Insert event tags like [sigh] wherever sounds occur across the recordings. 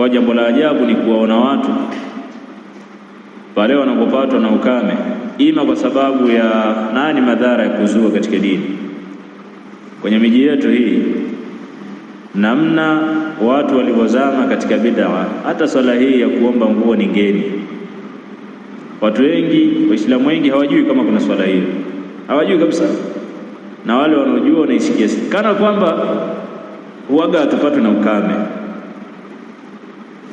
Kwa jambo la ajabu ni kuwaona watu pale wanapopatwa na ukame, ima kwa sababu ya nani, madhara ya kuzua katika dini kwenye miji yetu hii, namna watu walivyozama katika bid'a. Hata swala hii ya kuomba nguo ni ngeni, watu wengi, Waislamu wengi hawajui kama kuna swala hiyo, hawajui kabisa, na wale wanaojua wanaisikia kana kwamba huaga hatupatwe na ukame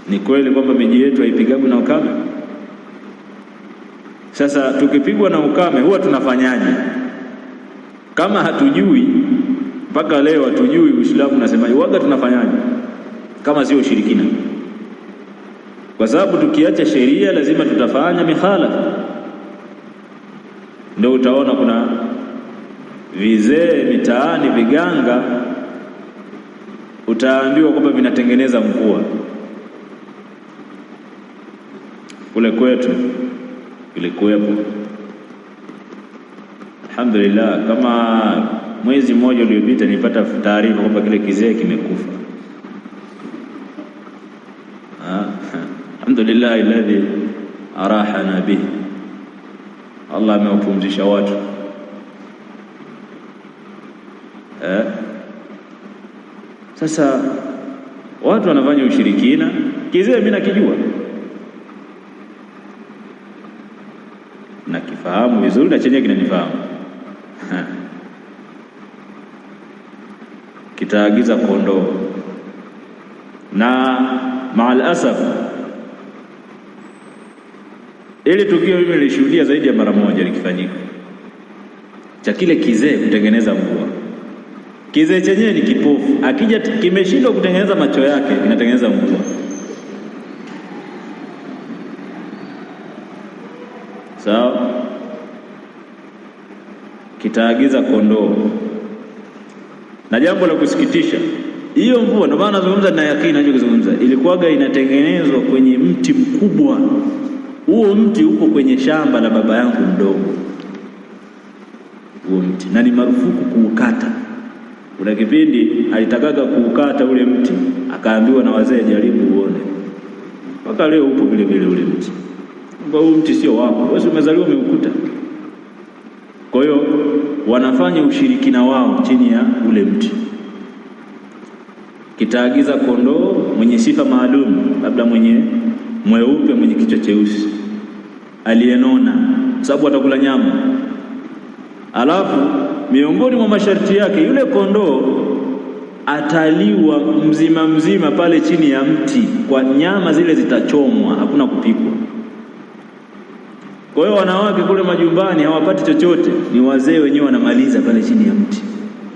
ni kweli kwamba miji yetu haipigagwi na ukame. Sasa tukipigwa na ukame huwa tunafanyaje? Kama hatujui mpaka leo hatujui Uislamu unasemaje, waga tunafanyaje kama sio ushirikina? Kwa sababu tukiacha sheria lazima tutafanya mikhalafa. Ndio utaona kuna vizee mitaani, viganga, utaambiwa kwamba vinatengeneza mvua kule kwetu ilikuwepo. Alhamdulillah, kama mwezi mmoja uliopita nilipata taarifa kwamba kile kizee kimekufa. Alhamdulillah ladhi arahana bihi, Allah amewapumzisha watu eh. Sasa watu wanafanya ushirikina, kizee mimi nakijua vizuri na chenyewe kinanifahamu kitaagiza kondoo na maal asaf. Ili tukio mimi nilishuhudia zaidi ya mara moja likifanyika, cha kile kizee kutengeneza mvua. Kizee chenyewe ni kipofu, akija kimeshindwa kutengeneza macho yake, kinatengeneza mvua. Sawa so, kitaagiza kondoo. Na jambo la kusikitisha, hiyo mvua, ndio maana nazungumza na yakini ninachozungumza, ilikuwaga inatengenezwa kwenye mti mkubwa. Huo mti uko kwenye shamba la baba yangu mdogo, huo mti, na ni marufuku kuukata. Kuna kipindi alitakaga kuukata ule mti, akaambiwa na wazee, jaribu uone. Mpaka leo upo vile vile ule mti, kwa huu mti sio wako, wewe umezaliwa umeukuta kwa hiyo wanafanya ushirikina wao chini ya ule mti. Kitaagiza kondoo mwenye sifa maalum, labda mwenye mweupe, mwenye kichwa cheusi, aliyenona, sababu atakula nyama. Alafu miongoni mwa masharti yake, yule kondoo ataliwa mzima mzima pale chini ya mti, kwa nyama zile zitachomwa, hakuna kupikwa. Kwa hiyo wanawake kule majumbani hawapati chochote, ni wazee wenyewe wanamaliza pale chini ya mti,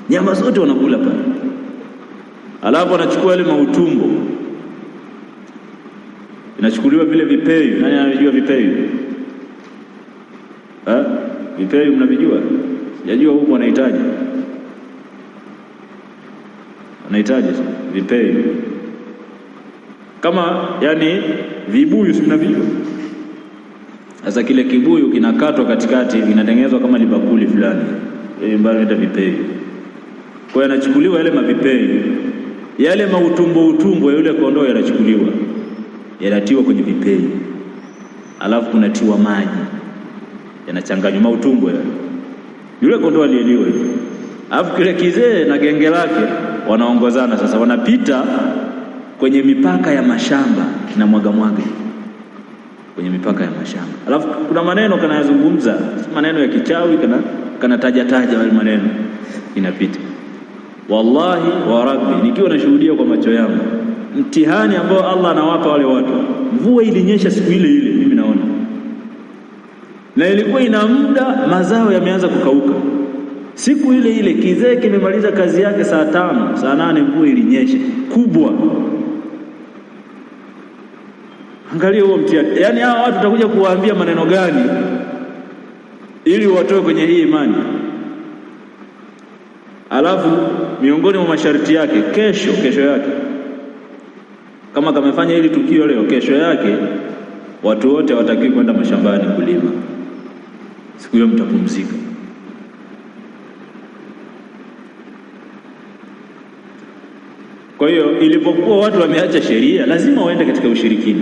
nyama zote wanakula pale, alafu wanachukua yale mautumbo, inachukuliwa vile vipeyu. Nani anavijua vipeyu? Ha? Vipeyu mnavijua? Sijajua huko wanahitaji wanahitaji vipeyu kama yani vibuyu, si mnavijua sasa kile kibuyu kinakatwa katikati kinatengenezwa kama libakuli fulani ambayo e, inaitwa vipei. Kwa hiyo yanachukuliwa yale mavipei yale mautumbo utumbo ya yule kondoo yanachukuliwa yanatiwa kwenye vipei, alafu kunatiwa maji yanachanganywa mautumbo yale yule kondoo aliyeliwa hivi, alafu kile kizee na genge lake wanaongozana sasa, wanapita kwenye mipaka ya mashamba kina mwaga mwaga kwenye mipaka ya mashamba. Alafu kuna maneno kanayazungumza, maneno ya kichawi, kana kanatajataja wale maneno, inapita. Wallahi wa rabbi, nikiwa nashuhudia kwa macho yangu mtihani ambao Allah anawapa wale watu. Mvua ilinyesha siku ile ile, mimi naona, na ilikuwa ina muda mazao yameanza kukauka. Siku ile ile kizee kimemaliza kazi yake saa tano saa nane mvua ilinyesha kubwa Angalia huo mtihani, yaani hawa watu watakuja kuwaambia maneno gani ili watoe kwenye hii imani. Alafu miongoni mwa masharti yake, kesho kesho yake kama kamefanya hili tukio leo, kesho yake watu wote hawatakiwi kwenda mashambani kulima. Siku hiyo mtapumzika. Kwa hiyo ilipokuwa watu wameacha sheria, lazima waende katika ushirikina.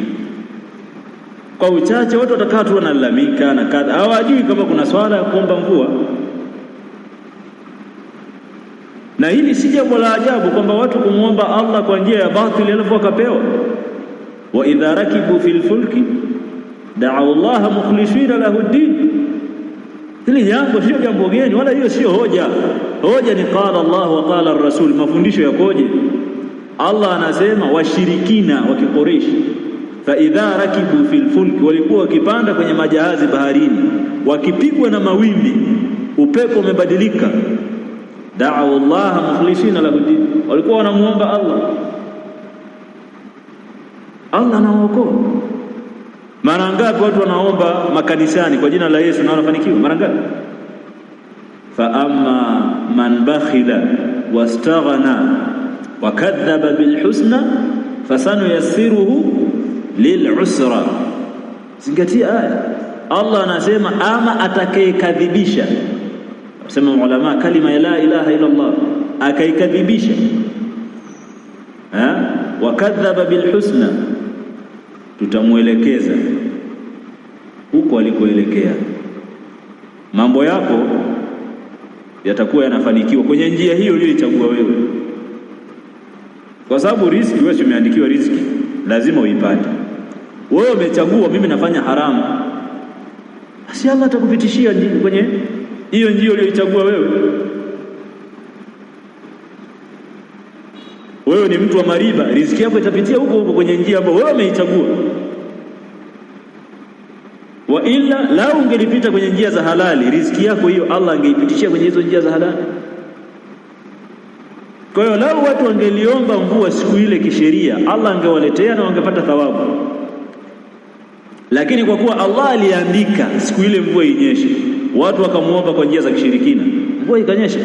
Kwa uchache watu watakaa tu wanalalamika na kadha, hawajui kama kuna swala ya kuomba mvua. Na hili si jambo la ajabu kwamba watu kumwomba Allah kwa njia ya batili alafu wakapewa. Wa idha rakibu fil fulki da'u Allah mukhlishina lahu ddin, Hili jambo sio jambo geni, wala hiyo sio hoja. Hoja ni qala Allah wa qala rasul. Mafundisho yakoje? Allah anasema washirikina wa Quraysh fa idha rakibu fil fulk, walikuwa wakipanda kwenye majahazi baharini, wakipigwa na mawimbi, upepo umebadilika. Da'u llaha mukhlisina lahu din, walikuwa wanamuomba Allah, Allah anawaokoa. Mara ngapi watu wanaomba makanisani kwa jina la Yesu na wanafanikiwa? Mara ngapi? fa amma man bakhila wastaghna wakadhaba bilhusna fasanuyassiruhu lilusra. Zingatia aya, Allah anasema ama atakayekadhibisha, sema ulama, kalima ya la ilaha illa Allah akaikadhibisha, wakadhaba bilhusna, tutamwelekeza huko alikoelekea. Mambo yako yatakuwa yanafanikiwa kwenye njia hiyo uliyoichagua wewe, kwa sababu riziki wewe umeandikiwa riziki, lazima uipate. Wewe umechagua mimi nafanya haramu, basi Allah atakupitishia kwenye hiyo njia uliyoichagua wewe. Wewe ni mtu wa mariba, riziki yako itapitia huko huko kwenye njia ambayo wewe umeichagua. Wa ila lau ungelipita kwenye njia za halali, riziki yako hiyo Allah angeipitishia kwenye hizo njia za halali. Kwa hiyo lau watu wangeliomba mvua siku ile kisheria, Allah angewaletea na wangepata thawabu. Lakini kwa kuwa Allah aliandika siku ile mvua inyeshe, watu wakamwomba kwa njia za kishirikina, mvua ikanyesha.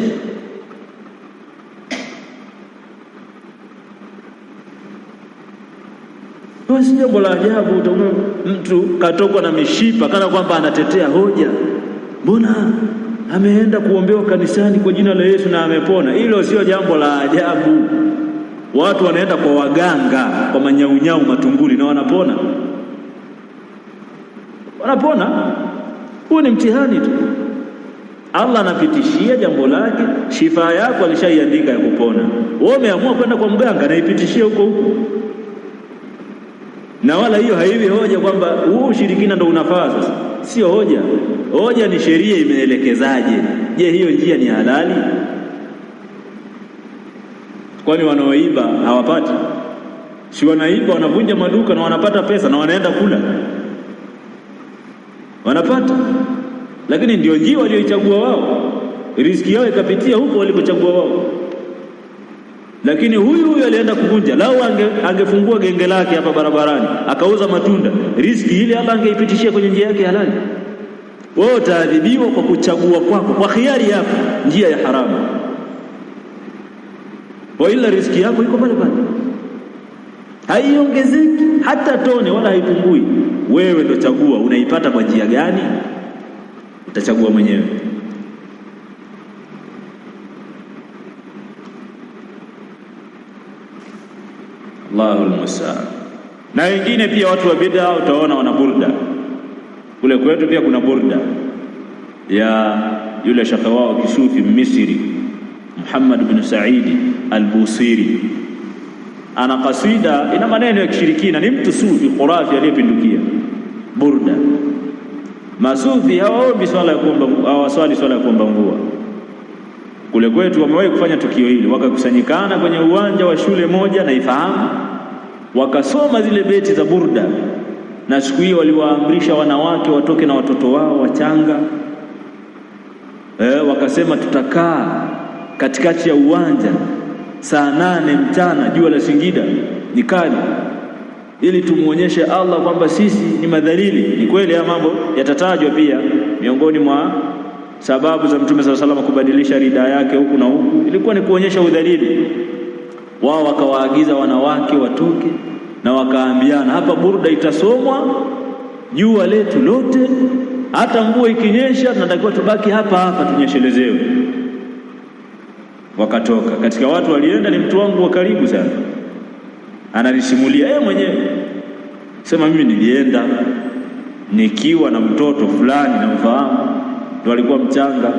Si jambo la ajabu, utaona mtu katokwa na mishipa kana kwamba anatetea hoja, mbona ameenda kuombewa kanisani kwa jina la Yesu na amepona. Hilo sio jambo la ajabu. Watu wanaenda kwa waganga, kwa manyaunyau, matunguli na wanapona wanapona. huu ni mtihani tu. Allah anapitishia jambo lake, shifa yako alishaiandika ya kupona. Wewe umeamua kwenda kwa mganga, naipitishia huko huko, na wala hiyo haivi hoja kwamba huu ushirikina ndo unafaa. Sasa sio hoja, hoja ni sheria imeelekezaje? Je, hiyo njia ni halali? Kwani wanaoiba hawapati? Si wanaiba wanavunja maduka na wanapata pesa na wanaenda kula wanapata, lakini ndio njia walioichagua wao, riziki yao ikapitia huko walipochagua wao. Lakini huyu huyu alienda kuvunja. Lau ange, angefungua genge lake hapa barabarani akauza matunda, riziki ile Allah angeipitishia kwenye njia yake halali. Wewe utaadhibiwa kwa kuchagua kwako kwa khiari yako njia ya haramu, wa ila riziki yako iko pale pale, haiongezeki hata tone wala haipungui. Wewe ndo chagua, unaipata kwa njia gani? Utachagua mwenyewe. Allahul mustaan. Na wengine pia watu wa bid'a utaona wana burda, kule kwetu pia kuna burda ya yule shaka wao kisufi Misri Muhammad bin Saidi al-Busiri ana kasida ina maneno ya kishirikina, ni mtu sufi khurafi aliyepindukia. Burda. Masufi hawaombi swala ya kuomba, hawaswali swala ya kuomba mvua. Kule kwetu wamewahi kufanya tukio hili, wakakusanyikana kwenye uwanja wa shule moja naifahamu, wakasoma zile beti za Burda, na siku hiyo waliwaamrisha wanawake watoke na watoto wao wachanga e, wakasema tutakaa katikati ya uwanja saa nane mchana, jua la Singida ni kali ili tumuonyeshe Allah kwamba sisi ni madhalili. Ni kweli, haya mambo yatatajwa pia miongoni mwa sababu za Mtume sala salama kubadilisha ridhaa yake huku na huku, ilikuwa ni kuonyesha udhalili wao. Wakawaagiza wanawake watoke na wakaambiana, hapa burda itasomwa jua letu lote, hata mvua ikinyesha tunatakiwa tubaki hapa hapa tunyeshelezewe. Wakatoka katika watu walienda, ni mtu wangu wa karibu sana ananisimulia yeye mwenyewe, sema mimi nilienda nikiwa na mtoto fulani na mfahamu ndo alikuwa mchanga,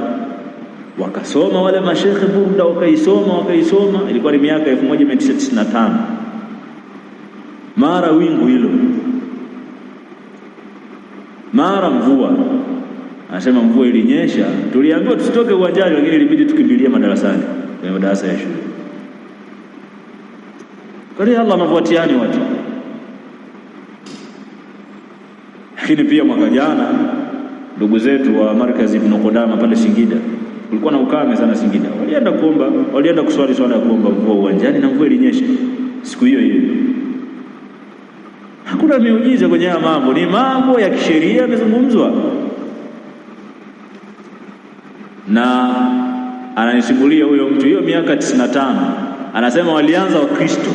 wakasoma wale mashekhe burda, wakaisoma wakaisoma, ilikuwa ni miaka 1995 mara wingu hilo, mara mvua. Anasema mvua ilinyesha, tuliambiwa tusitoke uwanjani, lakini ilibidi tukimbilie madarasani, kwenye madarasa ya shule Angalia Allah anavyotiani watu. Lakini pia mwaka jana ndugu zetu wa markazi Ibn Qudama pale Singida kulikuwa na ukame sana Singida, walienda kuomba, walienda kuswali swala ya kuomba mvua uwanjani na mvua ilinyesha siku hiyo hiyo. Hakuna miujiza kwenye haya mambo, ni mambo ya kisheria yamezungumzwa, na ananisimulia huyo mtu hiyo miaka 95 anasema walianza Wakristo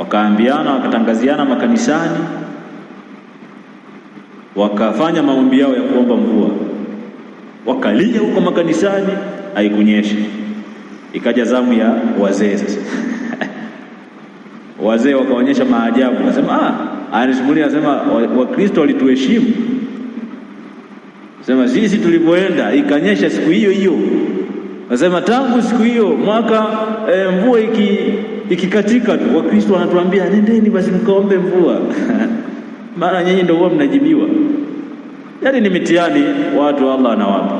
wakaambiana, wakatangaziana makanisani, wakafanya maombi yao ya kuomba mvua, wakalia huko makanisani, haikunyesha. Ikaja zamu ya wazee sasa [laughs] wazee wakaonyesha maajabu, nasema ah, anasimulia anasema, Wakristo walituheshimu sema sisi tulivyoenda ikanyesha siku hiyo hiyo, nasema tangu siku hiyo mwaka e, mvua iki ikikatika tu, Wakristo wanatuambia nendeni basi mkaombe mvua [laughs] maana nyinyi ndio huwa mnajibiwa. Yaani ni mitihani watu Allah anawapa